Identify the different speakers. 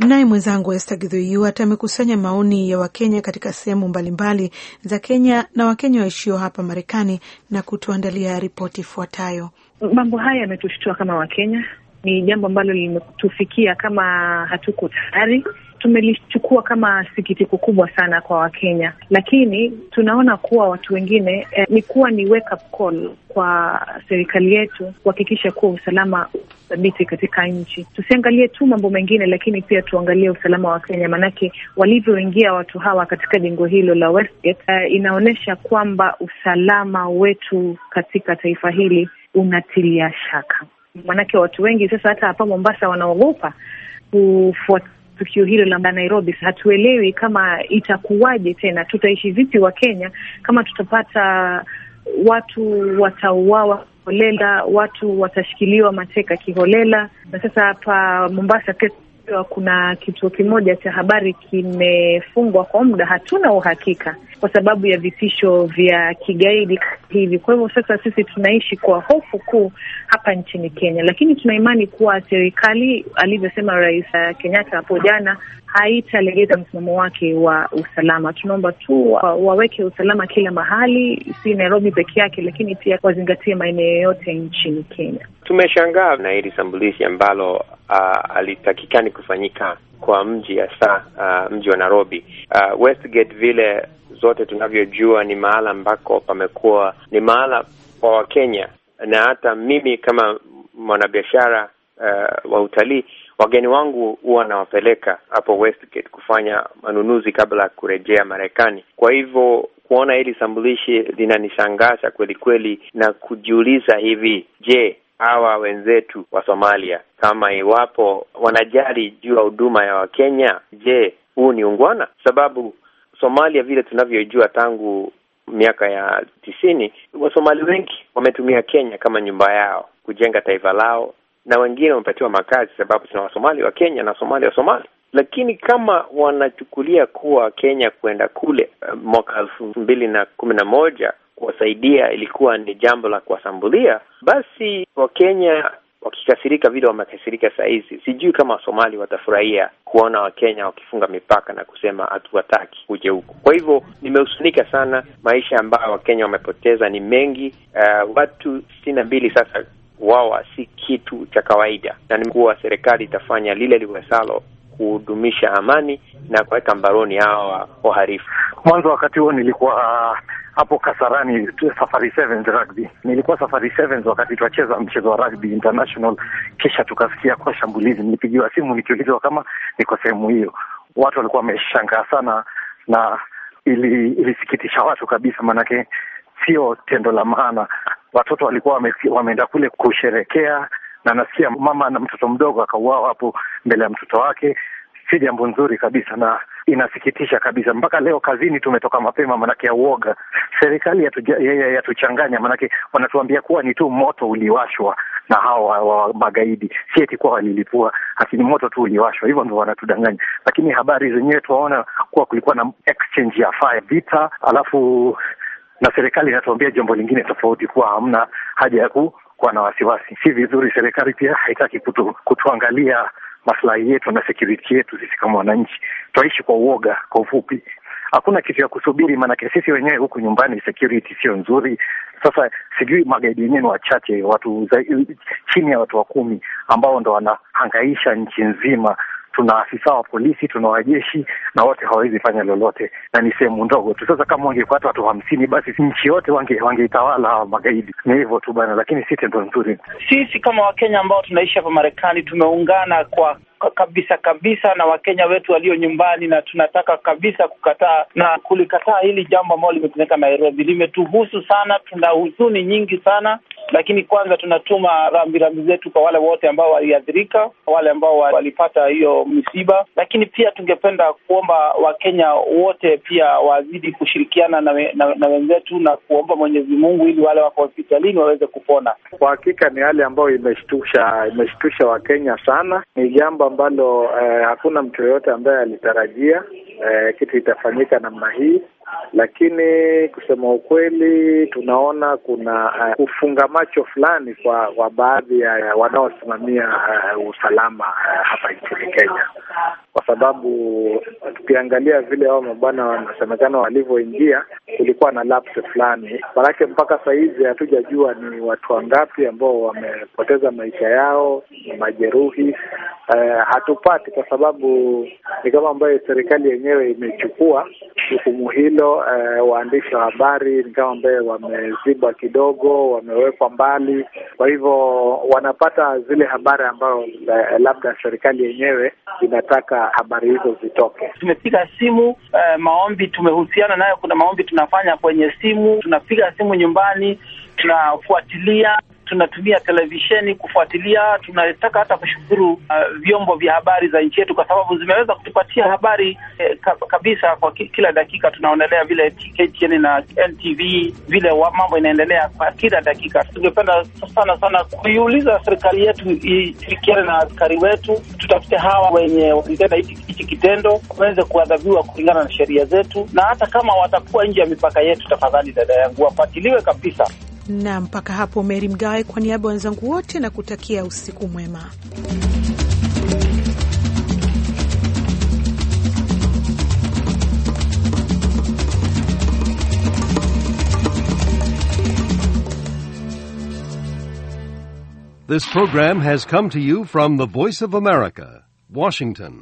Speaker 1: Naye mwenzangu Esther Githuiwat amekusanya maoni ya Wakenya katika sehemu mbalimbali za Kenya na Wakenya waishio hapa Marekani na kutuandalia ripoti ifuatayo. Mambo haya yametushtua kama Wakenya ni jambo ambalo limetufikia kama hatuko tayari. Tumelichukua kama sikitiko kubwa sana kwa Wakenya, lakini tunaona kuwa watu wengine eh, ni kuwa ni wake up call kwa serikali yetu kuhakikisha kuwa usalama thabiti katika nchi. Tusiangalie tu mambo mengine, lakini pia tuangalie usalama wa Kenya, maanake walivyoingia watu hawa katika jengo hilo la Westgate, eh, inaonyesha kwamba usalama wetu katika taifa hili unatilia shaka maanake watu wengi sasa hata hapa Mombasa wanaogopa kufuata tukio hilo la Nairobi. Hatuelewi kama itakuwaje tena, tutaishi vipi wa kenya kama tutapata watu watauawa holela, watu watashikiliwa mateka kiholela. Na sasa hapa Mombasa ikiwa eh, kuna kituo kimoja cha habari kimefungwa kwa muda, hatuna uhakika kwa sababu ya vitisho vya kigaidi hivi. Kwa hivyo sasa sisi tunaishi kwa hofu kuu hapa nchini Kenya, lakini tunaimani kuwa serikali, alivyosema Rais eh, Kenyatta hapo jana, haitalegeza msimamo wake wa usalama. Tunaomba tu wa, waweke usalama kila mahali, si Nairobi peke yake, lakini pia wazingatie maeneo yote nchini Kenya.
Speaker 2: Tumeshangaa na hili sambulizi ambalo uh, alitakikani kufanyika kwa mji hasa uh, mji wa Nairobi. Uh, Westgate vile zote tunavyojua ni mahala ambako pamekuwa ni mahala kwa Wakenya na hata mimi kama mwanabiashara uh, wa utalii wageni wangu huwa nawapeleka hapo Westgate kufanya manunuzi kabla ya kurejea Marekani. Kwa hivyo kuona hili sambulishi linanishangaza kweli kweli na kujiuliza hivi, je, hawa wenzetu wa Somalia kama iwapo wanajali juu ya huduma ya Wakenya. Je, huu ni ungwana? Sababu Somalia vile tunavyojua tangu miaka ya tisini, Wasomali wengi wametumia Kenya kama nyumba yao kujenga taifa lao, na wengine wamepatiwa makazi, sababu tuna Wasomali wa Kenya na Somali wa Somali. Lakini kama wanachukulia kuwa Kenya kwenda kule eh, mwaka elfu mbili na kumi na moja kuwasaidia ilikuwa ni jambo la kuwasambulia, basi Wakenya wakikasirika vile wamekasirika sahizi hizi, sijui kama Wasomali watafurahia kuona Wakenya wakifunga mipaka na kusema hatuwataki kuje huku. Kwa hivyo nimehusunika sana, maisha ambayo Wakenya wamepoteza ni mengi. Uh, watu sitini na mbili sasa wawa si kitu cha kawaida, na nimekuwa serikali itafanya lile liwesalo kudumisha amani na kuweka mbaroni hawa waharifu. Mwanzo wakati huo nilikuwa
Speaker 3: uh, hapo Kasarani Safari Sevens Rugby, nilikuwa Safari Sevens wakati tuacheza mchezo wa rugby international, kisha tukasikia kwa shambulizi. Nilipigiwa simu nikiulizwa kama niko sehemu hiyo. Watu walikuwa wameshangaa sana na ili, ilisikitisha watu kabisa, maanake sio tendo la maana. Watoto walikuwa wameenda kule kusherekea na nasikia mama na mtoto mdogo akauawa hapo mbele ya mtoto wake, si jambo nzuri kabisa na inasikitisha kabisa. Mpaka leo kazini tumetoka mapema, manake ya uoga. Serikali yatuchanganya, ya, ya manake wanatuambia kuwa ni tu moto uliwashwa na hawa wa magaidi, si eti kuwa walilipua, lakini moto tu uliwashwa. Hivyo ndo wanatudanganya, lakini habari zenyewe tuwaona kuwa kulikuwa na exchange ya fire vita, alafu na serikali inatuambia jambo lingine tofauti, kuwa hamna haja ya ku kuwa na wasiwasi. Si vizuri, serikali pia haitaki kutu, kutuangalia maslahi yetu na security yetu. Sisi kama wananchi twaishi kwa uoga. Kwa ufupi, hakuna kitu ya kusubiri, maanake sisi wenyewe huku nyumbani security sio nzuri. Sasa sijui magaidi wenyewe ni wachache, watu chini ya watu wa kumi ambao ndo wanahangaisha nchi nzima tuna afisa wa polisi, tuna wajeshi na wote hawawezi fanya lolote, na ni sehemu ndogo tu. Sasa kama wangepata watu hamsini, basi nchi yote wangeitawala hawa magaidi. Ni hivyo tu bana, lakini si tendo nzuri.
Speaker 4: Sisi kama Wakenya ambao tunaishi hapa
Speaker 3: Marekani tumeungana kwa kabisa kabisa na
Speaker 4: Wakenya wetu walio nyumbani, na tunataka kabisa kukataa na kulikataa hili jambo ambalo limetendeka Nairobi. Limetuhusu sana, tuna huzuni nyingi sana lakini kwanza tunatuma rambirambi zetu kwa wale wote ambao waliathirika, wale ambao walipata hiyo misiba, lakini pia tungependa kuomba Wakenya wote pia wazidi kushirikiana na,
Speaker 5: na, na wenzetu na kuomba Mwenyezi Mungu ili wale wako hospitalini waweze kupona. Kwa hakika ni hali ambayo imeshtusha imeshtusha Wakenya sana. Ni jambo ambalo eh, hakuna mtu yoyote ambaye alitarajia eh, kitu itafanyika namna hii lakini kusema ukweli, tunaona kuna uh, kufunga macho fulani kwa, kwa baadhi ya uh, wanaosimamia uh, usalama
Speaker 3: uh, hapa nchini Kenya,
Speaker 5: kwa sababu tukiangalia vile hao mabwana wanasemekana walivyoingia, kulikuwa na lapse fulani, manake mpaka sahizi hatujajua ni watu wangapi ambao wamepoteza maisha yao na majeruhi uh, hatupati, kwa sababu ni kama ambayo serikali yenyewe imechukua jukumu hilo hilo eh, waandishi wa habari ni kama ambaye wamezibwa kidogo, wamewekwa mbali. Kwa hivyo wanapata zile habari ambayo eh, labda serikali yenyewe inataka habari hizo zitoke. Tumepiga simu
Speaker 4: eh, maombi tumehusiana nayo, kuna maombi tunafanya kwenye simu, tunapiga simu nyumbani, tunafuatilia tunatumia televisheni kufuatilia, tunataka hata kushukuru uh, vyombo vya habari za nchi yetu, kwa sababu zimeweza kutupatia habari eh, kabisa kwa kila dakika. Tunaonelea vile KTN na NTV vile mambo inaendelea kwa kila dakika. Tungependa sana sana kuiuliza serikali yetu ishirikiane na askari wetu, tutafute hawa wenye walitenda hichi kitendo waweze kuadhabiwa kulingana na sheria zetu, na hata kama watakuwa nje ya mipaka yetu, tafadhali dada yangu, wafuatiliwe kabisa.
Speaker 1: Na mpaka hapo, Meri Mgawe kwa niaba ya wenzangu wote na kutakia usiku mwema.
Speaker 3: This program has come to you from the Voice of America, Washington.